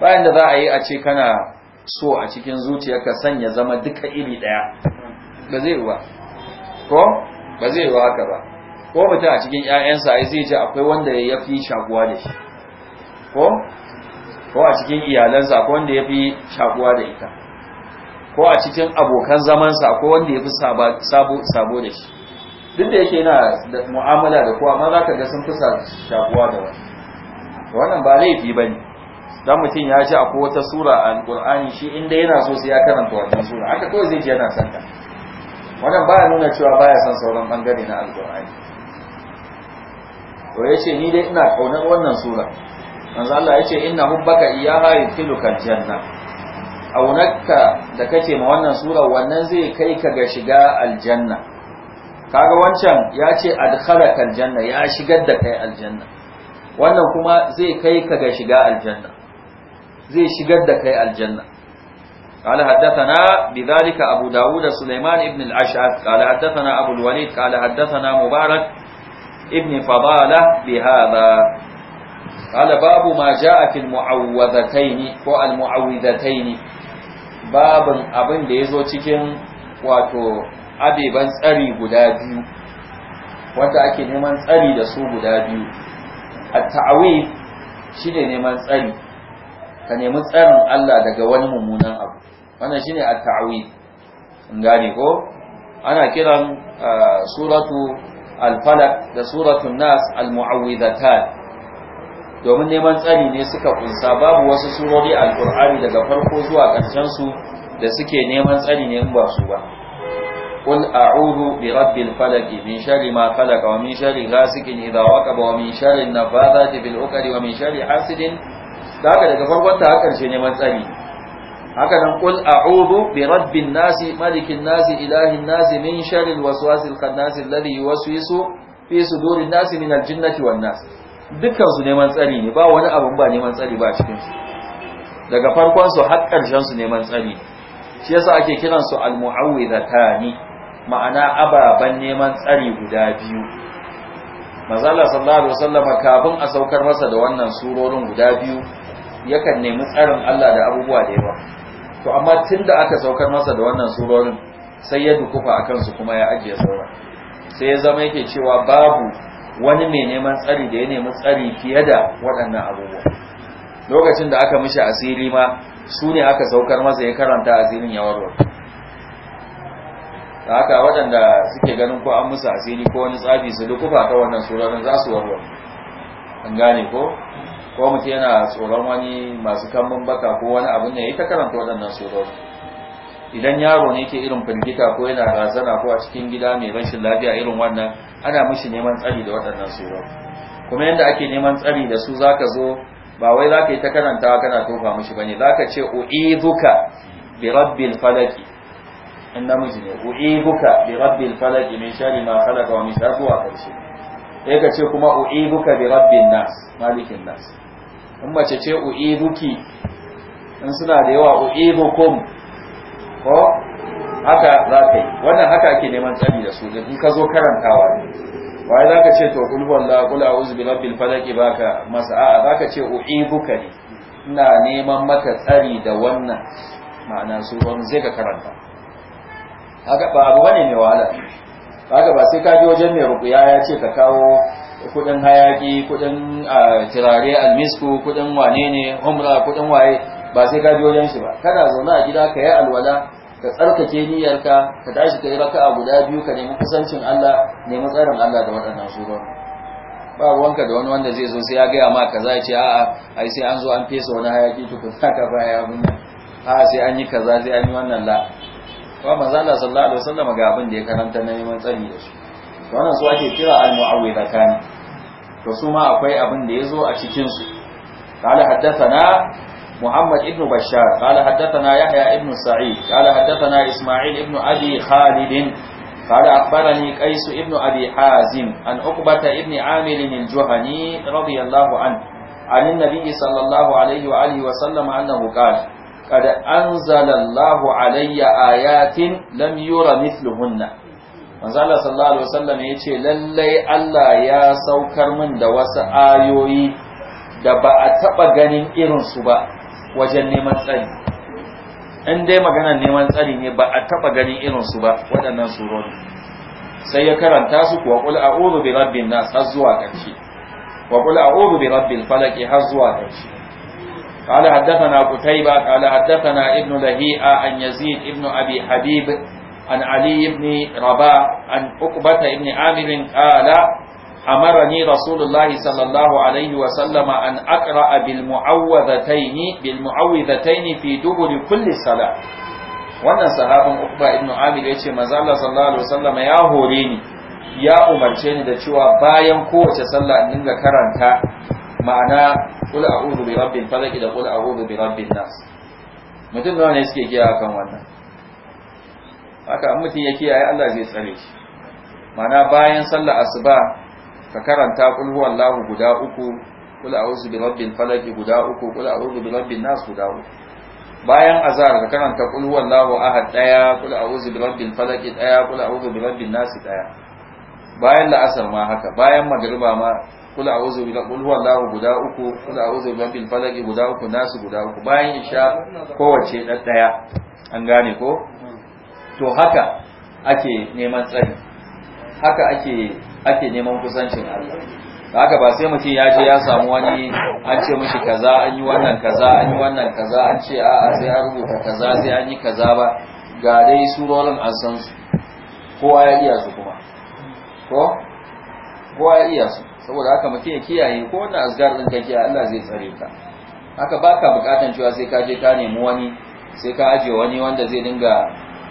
bayan da za a yi a ce kana so a cikin zuciyarka sanya zama duka iri ɗaya ba zai ba ko ba zai yi haka ba ko mutum a cikin ƴaƴansa ai zai ji akwai wanda ya fi shakuwa da shi ko ko a cikin iyalansa akwai wanda ya fi shakuwa da ita ko a cikin abokan zamansa akwai wanda ya fi sabo da shi duk da yake yana mu'amala da kowa maza za ka ga sun fi shakuwa da wani wannan ba laifi ba ne don mutum ya ji akwai wata sura a alƙur'ani shi inda yana so sai ya karanta wannan sura haka kawai zai ji yana santa wannan baya nuna cewa baya son sauran bangare na alkur'ani to yace ni dai ina kaunar wannan sura manzo Allah yace inna hubbaka iyyaha yudkhiluka janna aunakka da kake ma wannan sura wannan zai kai ka ga shiga aljanna kaga wancan ya ce adkhalaka aljanna ya shigar da kai aljanna wannan kuma zai kai ka ga shiga aljanna zai shigar da kai aljanna قال حدثنا بذلك أبو داود سليمان بن الأشعث قال حدثنا أبو الوليد قال حدثنا مبارك ابن فضالة بهذا قال باب ما جاء في المعوذتين هو المعوذتين باب أبن ديزو تكين واتو أبي بن سري قدابي wanda ake neman tsari da su guda biyu at-ta'awif shine neman tsari ka nemi tsarin Allah daga wani mummunan abu wannan shine at-ta'awid in gane ko ana kiran uh, suratu al-falaq da suratu nas al-mu'awwidhatan domin neman tsari ne suka kunsa babu wasu surori al-qur'ani daga farko zuwa ƙarshen su da suke neman tsari ne in ba su ba قل أعوذ برب الفلق من شر ما خلق ومن شر غاسق إذا وقب ومن شر النفاثات في العقد ومن شر حاسد da haka daga farkon ta ce neman tsari haka nan qul a'udhu bi rabbin nasi malikin nasi ilahin nasi min sharri waswasil khannasi alladhi yuwaswisu fi sudurin nasi min aljinnati wan nas dukkan su neman tsari ne ba wani abu ba neman tsari ba cikin su daga farkon su har karshen su neman tsari shi yasa ake kiran su almu'awwidatani ma'ana ababan neman tsari guda biyu manzo Allah sallallahu alaihi wasallam kafin a saukar masa da wannan surorin guda biyu yakan nemi tsarin Allah da abubuwa da yawa to amma tunda aka saukar masa da wannan surorin sai ya dukufa akan su kuma ya ajiye saura. sai ya zama yake cewa babu wani mai neman tsari da ya nemi tsari fiye da waɗannan abubuwa lokacin da aka mishi asiri ma su ne aka saukar masa ya karanta asirin ya warware da haka waɗanda suke ganin ko an musu asiri ko wani tsafi su dukufa ta wannan surorin za su warware an gane ko ko mutum yana tsoron wani masu kamun baka ko wani abin ne ya ta karanta waɗannan tsoron, idan yaro ne ke irin firgita ko yana razana ko a cikin gida mai rashin lafiya irin wannan ana mishi neman tsari da waɗannan tsoron. kuma yadda ake neman tsari da su zaka zo ba wai zaka yi ta karantawa kana tofa mishi bane zaka ce u'izuka bi rabbil falaq in namiji ne u'izuka bi rabbil falaq min shari ma khalaqa wa min sharri wa karshe ya ka ce kuma u'ibuka bi rabbin nas malikin nas in mace ce u'ibuki, in suna da yawa u'idukum ko haka za ka yi wannan haka ake neman tsari da su in ka zo karantawa ne waye za ka ce to kul walla kul a'udhu bi rabbil falaq baka mas'a za ka ce u'ibuka ne ina neman maka tsari da wannan ma'ana su wani zai ka karanta haka ba abu bane ne wahala kaga ba sai ka je wajen mai rukuya ya ce ka kawo kudin hayaki kudin turare almisku kudin wane ne umra kudin waye ba sai ka je wajen shi ba kana zaune a gida ka yi alwala ka tsarkake niyyarka ka tashi ka yi a guda biyu ka nemi kusancin Allah nemi tsarin Allah da waɗannan surori ba wanka da wani wanda zai zo sai ya gaya ma kaza ya ce a'a ai sai an zo an fesa wani hayaki tukun haka baya abin a sai an yi kaza sai an yi wannan la kuma manzala sallallahu alaihi wasallam ga abin da ya karanta na neman tsari da su wannan su ake kira al-mu'awwidatan to su ma akwai abin da yazo a cikin su qala haddathana محمد ابن بشار قال حدثنا يحيى ابن سعيد قال حدثنا إسماعيل ابن أبي خالد قال أخبرني قيس ابن أبي حازم عن عقبة ابن عامر الجهني رضي الله عنه عن النبي صلى الله عليه وآله وسلم أنه قال قد أنزل الله علي آيات لم يرى مثلهن manzala sallallahu alaihi ya ce lallai Allah ya saukar min da wasu ayoyi da ba a taba ganin irinsu ba wajen neman tsari in dai maganar neman tsari ne ba a taba ganin irinsu ba waɗannan surori sai ya karanta su kuwa qul a'udhu bi rabbin nas har zuwa ƙarshe wa qul a'udhu bi rabbil falaq har zuwa ƙarshe قال حدثنا قتيبة قال حدثنا ابن لهيئة عن يزيد ابن أبي حبيب عن علي بن رباح عن عقبة بن عامر قال أمرني رسول الله صلى الله عليه وسلم أن أقرأ بالمعوذتين بالمعوذتين في دبر كل صلاة wannan sahabin Uqba ibn Amir ya ce manzo Allah sallallahu alaihi wasallam ya hore ni ya umarce ni da cewa bayan kowace sallah in dinga karanta ma'ana kula a'udhu bi rabbin falaki da kula a'udhu bi rabbin nas mutum nawa ne suke kiyaye kan wannan haka an mutum ya kiyaye Allah zai tsare shi mana bayan sallar asuba ka karanta kul huwallahu guda uku a a'udhu bi rabbin falaki guda uku a a'udhu bi rabbin nas guda uku bayan azhar ka karanta kul huwallahu ahad daya a a'udhu bi rabbin falaki daya a a'udhu bi rabbin nas daya bayan la'asar ma haka bayan magriba ma kul a'udhu bi qul huwallahu guda uku kul a'udhu bi rabbil falaq guda uku nasu guda uku bayan isha kowace dan daya an gane ko to haka ake neman tsari haka ake ake neman kusancin Allah haka ba sai mutum ya je ya samu wani an ce mishi kaza an yi wannan kaza an yi wannan kaza an ce a'a sai an rubuta kaza sai an yi kaza ba ga dai surorin an san su kowa ya iya su kuma ko ko ya iya su saboda haka mutum ya kiyaye ko wannan asgar din ka kiyaye Allah zai tsare ka haka baka bukatan cewa sai ka je ka nemi wani sai ka aje wani wanda zai dinga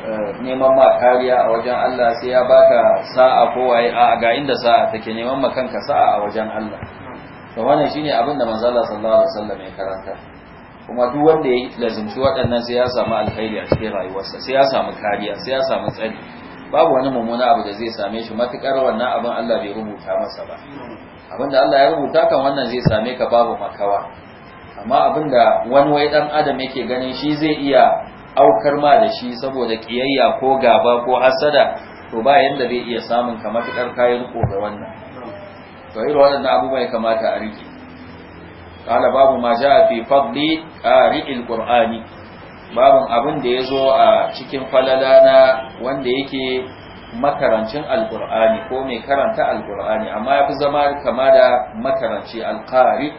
eh, neman ma kariya a wajen Allah sai ya baka sa'a ko waye a ga inda sa'a take neman ma kanka sa'a a wajen Allah to wannan shine abin da manzo Allah sallallahu alaihi wasallam ya karanta kuma duk wanda ya lazimci waɗannan sai ya samu alkhairi a cikin rayuwarsa sai ya samu kariya sai ya samu tsari babu wani mummuna abu da zai same shi matukar wannan abin Allah bai rubuta masa ba abinda Allah ya rubuta kan wannan zai same ka babu makawa amma abinda wani wai dan adam yake ganin shi zai iya aukar ma da shi saboda kiyayya ko gaba ko hasada to ba yanda zai iya samun ka matukar kayan ko da wannan to irin wannan abubuwa ya kamata a rike Kala babu ma جاء fi fadli qari'il qur'ani babin abin da ya zo a cikin falala na wanda yake makarancin alkur'ani ko mai karanta alkur'ani amma ya fi zama kama da makaranci alkari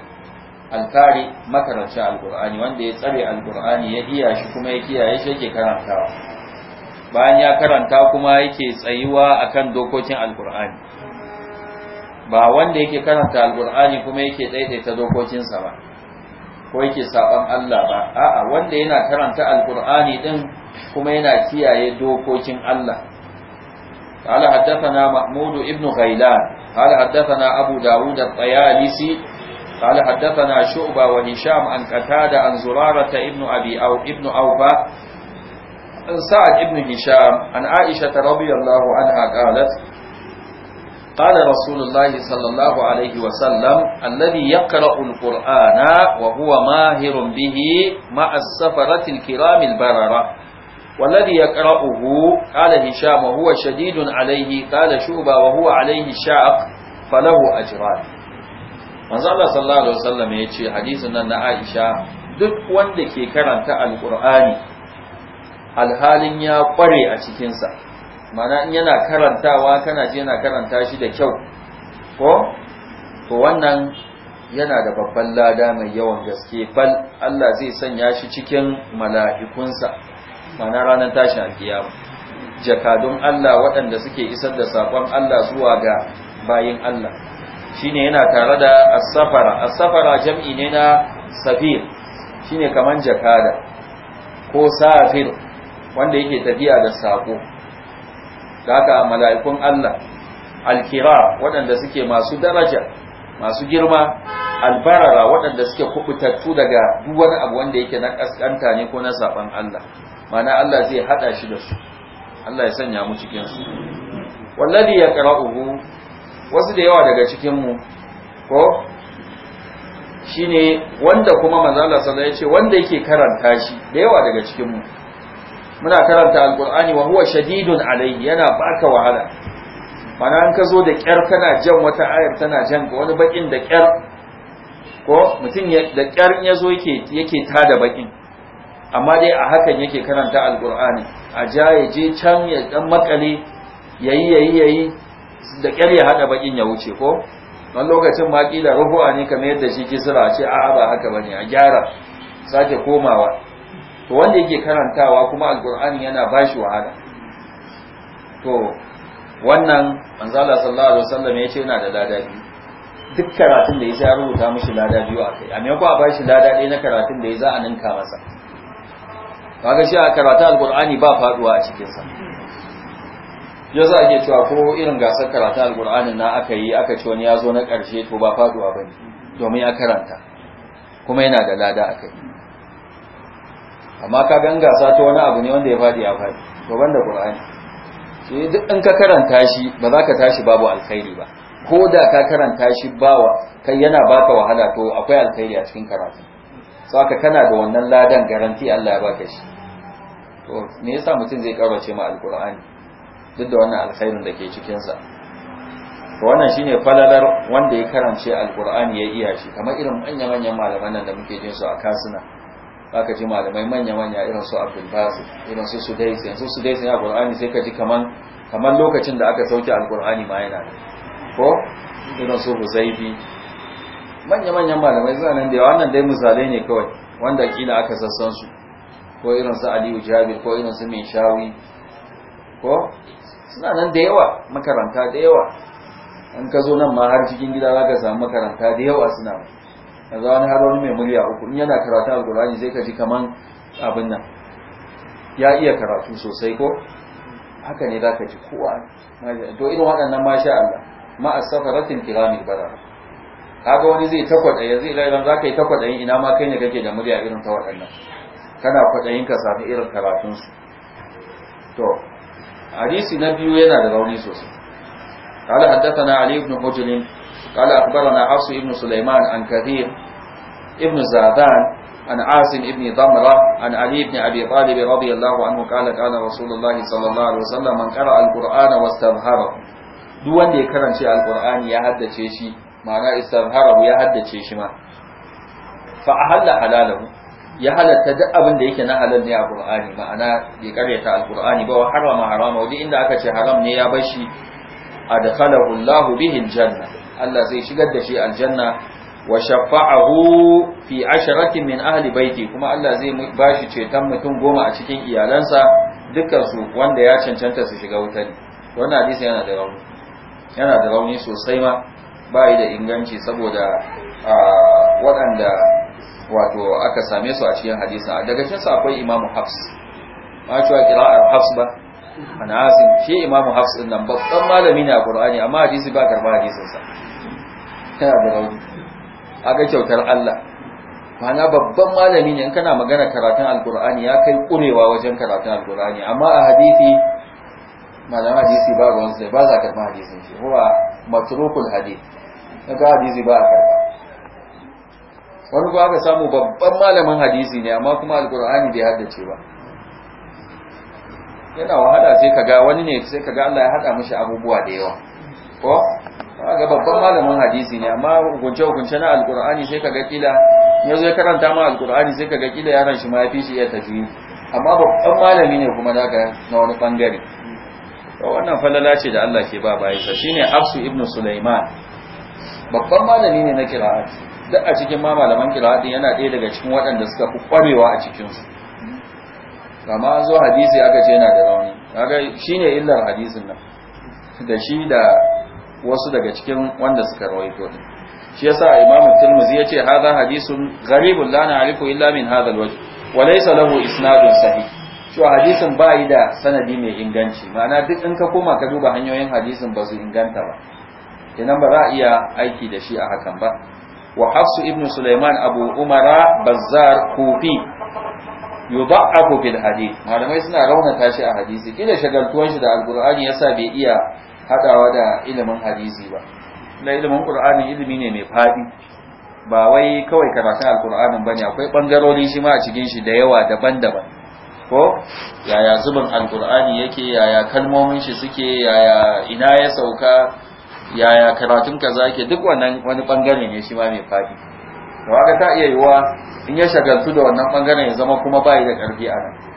alkari makarancin alkur'ani wanda ya tsare alkur'ani ya iya shi kuma ya kiyaye shi yake karantawa bayan ya karanta kuma yake tsayuwa a kan dokokin alkur'ani ba wanda yake karanta alkur'ani kuma yake ɗaiɗaita dokokinsa ba ko yake saban Allah ba a'a wanda yana karanta alqur'ani din kuma yana kiyaye dokokin Allah قال حدثنا محمود ابن غيلان قال حدثنا أبو داود الطيالسي قال حدثنا شعبة وهشام عن قتادة عن زرارة ابن أبي أو ابن أوفى عن سعد ابن هشام عن عائشة رضي الله عنها قالت قال رسول الله صلى الله عليه وسلم الذي يقرأ القرآن وهو ماهر به مع السفرة الكرام البررة والذي يقرأه قال هشام وهو شديد عليه قال شوبة وهو عليه شاق فله أجران manzo Allah sallallahu alaihi wasallam ya ce hadisin nan na Aisha duk wanda ke karanta alqur'ani alhalin ya kware a cikin sa mana in yana karantawa kana ji yana karanta shi da kyau ko to wannan yana da babban lada mai yawan gaske bal Allah zai sanya shi cikin mala'ikunsa mana ranar tashin alkiyama jakadun Allah waɗanda suke isar da sakon Allah zuwa ga bayin Allah shine yana tare da as-safara as-safara jam'i ne na safir shine kaman jakada ko safir wanda yake tafiya da sako da haka mala'ikun Allah alkira waɗanda suke masu daraja masu girma albarara waɗanda suke kubutattu daga duk wani abu wanda yake na kaskanta ne ko na saban Allah mana Allah zai haɗa shi da su Allah ya sanya mu cikin su wallazi yaqra'uhu wasu da yawa daga cikin mu ko shine wanda kuma manzo Allah sallallahu alaihi wasallam ya ce wanda yake karanta shi da yawa daga cikin mu muna karanta alqur'ani wa huwa shadidun alayhi yana baka wahala mana an ka da kyar kana jan wata ayar tana jan wani bakin da kyar ko mutum da kyar ya zo yake yake tada bakin amma dai a hakan yake karanta alqur'ani a ja ya je can ya dan makale yayi yayi yayi da kyar ya hada bakin ya wuce ko don lokacin ma kila rubu'a ne kamar yadda shi kisra ce a'a ba haka bane a gyara sake komawa to wanda yake karantawa kuma alqur'ani yana bashi wahala to wannan manzala sallallahu alaihi wasallam ya ce yana da lada biyu duk karatun da ya rubuta mishi lada biyu kai, a maimako a bashi lada ɗaya na karatun da ya za a ninka masa kaga shi a karatun alqur'ani ba faduwa a cikinsa. sa ya za a ke cewa ko irin gasar karatun alkur'anin na aka yi aka ce wani ya zo na ƙarshe to ba faduwa ba ne domin ya karanta kuma yana da lada a kai amma ka gangasa ta wani abu ne wanda ya fadi ya faɗi to banda qur'ani shi duk in ka karanta shi ba za ka tashi babu alkhairi ba ko da ka karanta shi bawa kai yana baka wahala to akwai alkhairi a cikin karatu saka kana da wannan ladan garanti Allah ya baka shi to me yasa mutum zai karbace ma alkur'ani duk da wannan alkhairin da ke cikin sa to wannan shine falalar wanda ya karance alkur'ani ya iya shi kamar irin manyan manyan malaman da muke jin su a kasuna aka ji malamai manya-manya irin su abdulbasir irin su sudais yanzu sudais na qur'ani sai ka ji kaman kaman lokacin da aka sauke Alƙur'ani ma yana ko irin su huzaifi manya-manyan malamai nan da yawa wannan dai misalai ne kawai wanda kila aka sassan su ko irin su aliyu jabir ko irin su mai shawi ko suna nan da yawa makaranta da yawa in ka zo nan ma har cikin gida za ka samu makaranta da yawa suna mai yanzu wani har wani mai murya uku in yana a alkur'ani zai ka ji kaman abin nan ya iya karatu sosai ko haka ne za ka ji kowa to irin waɗannan ma sha Allah ma'a safaratin kiramin bara kaga wani zai ta kwaɗayi yanzu idan za ka yi ta kwaɗayin ina ma kai ne kake da murya irin ta waɗannan kana kwaɗayin ka sami irin karatunsu to hadisi na biyu yana da rauni sosai قال حدثنا علي بن حجر قال أخبرنا عاصم بن سليمان عن كثير ابن زادان عن عاصم بن ضمرة عن علي بن أبي طالب رضي الله عنه قال كان رسول الله صلى الله عليه وسلم من قرأ القرآن واستظهره duk wanda ya karance alkur'ani ya haddace shi ma'ana istazharahu ya haddace shi ma fa ahalla halalahu ya halatta duk abin da yake na halal ne a qur'ani ma'ana ya karyata alkur'ani ba wa harama harama wajen inda aka ce haram ne ya bar shi adkhalahu Allah bihi aljanna Allah zai shigar da shi aljanna wa shafa'ahu fi asharati min ahli baiti kuma Allah zai bashi ceton mutum goma a cikin iyalansa dukkan su wanda ya cancanta su shiga wutar wannan hadisi yana da rauni yana da rauni sosai ma ba da inganci saboda waɗanda wato aka same su a cikin hadisi daga cikin akwai imamu hafs ba cewa kira'ar hafs ba ana azim shi imamu hafs din nan babban malami ne a qur'ani amma hadisi ba karba hadisin sa tana da rauni ga kyautar Allah mana babban malami ne in kana magana karatun alkur'ani ya kai kurewa wajen karatun alkur'ani amma a hadisi malam hadisi ba ruwan sai ba za ka karɓa hadisin shi huwa matrukul hadith kaga hadisi ba a karɓa wani ba ka samu babban malamin hadisi ne amma kuma alkur'ani bai haddace ba yana wahala sai kaga wani ne sai kaga Allah ya hada mishi abubuwa da yawa ko ga babban malamin hadisi ne amma hukunce hukunce na alkur'ani sai kaga kila yanzu ya karanta ma alkur'ani sai kaga kila yaran shi ma ya fi shi iya tajwid amma babban malami ne kuma daga na wani bangare wannan falala ce da Allah ke ba Sa shine Afsu ibn Sulaiman babban malami ne na kira'at duk a cikin ma malaman kira'at yana ɗaya daga cikin waɗanda suka fi kwarewa a cikin su an zo hadisi aka ce yana da rauni kaga shine illar hadisin nan da shi da wasu daga cikin wanda suka rawaito din shi yasa imam tirmidhi yace hadha hadithun gharibun la na'rifu illa min hadha alwajh wa laysa lahu isnadun sahih shi hadisin ba yi da sanadi mai inganci ma'ana duk in ka koma ka duba hanyoyin hadisin ba su inganta ba kenan ba za a iya aiki da shi a hakan ba wa hafsu Ibn sulaiman abu umara bazzar kufi yudha'afu bil hadith malamai suna raunata shi a hadisi kila shagaltuwan shi da alqur'ani yasa bai iya hadawa da ilimin hadisi ba na ilimin qur'ani ilimi ne mai fadi ba wai kawai karatun ba bane akwai bangarori shi ma a cikin shi da yawa daban-daban ko yaya zubin alqur'ani yake yaya kalmomin shi suke yaya ina ya sauka yaya karatun ka zake? duk wannan wani bangare ne shi ma mai fadi to haka ta iya yiwa in ya shagaltu da wannan bangaren ya zama kuma bai da karfi a nan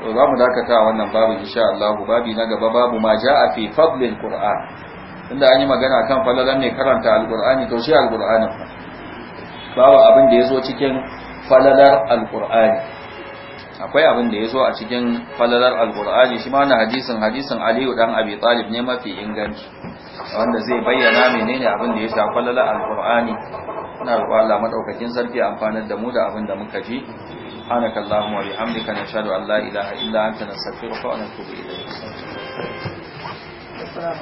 to za mu dakata wannan babu insha Allah babi na gaba babu ma ja'a fi fadlil qur'an inda an yi magana kan falalan ne karanta alqur'ani to shi alqur'ani babu abin da yazo cikin falalar alqur'ani akwai abin da yazo a cikin falalar alqur'ani shi ma na hadisin hadisin Aliyu dan Abi Talib ne mafi inganci wanda zai bayyana menene abin da ya falalar alqur'ani ina roƙon Allah madaukakin sarki amfanar da mu da abin da muka ji subhanakallahumma wa bihamdika nashhadu an ilaha illa anta nastaghfiruka wa natubu السلام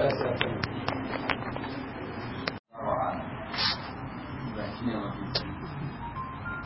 عليكم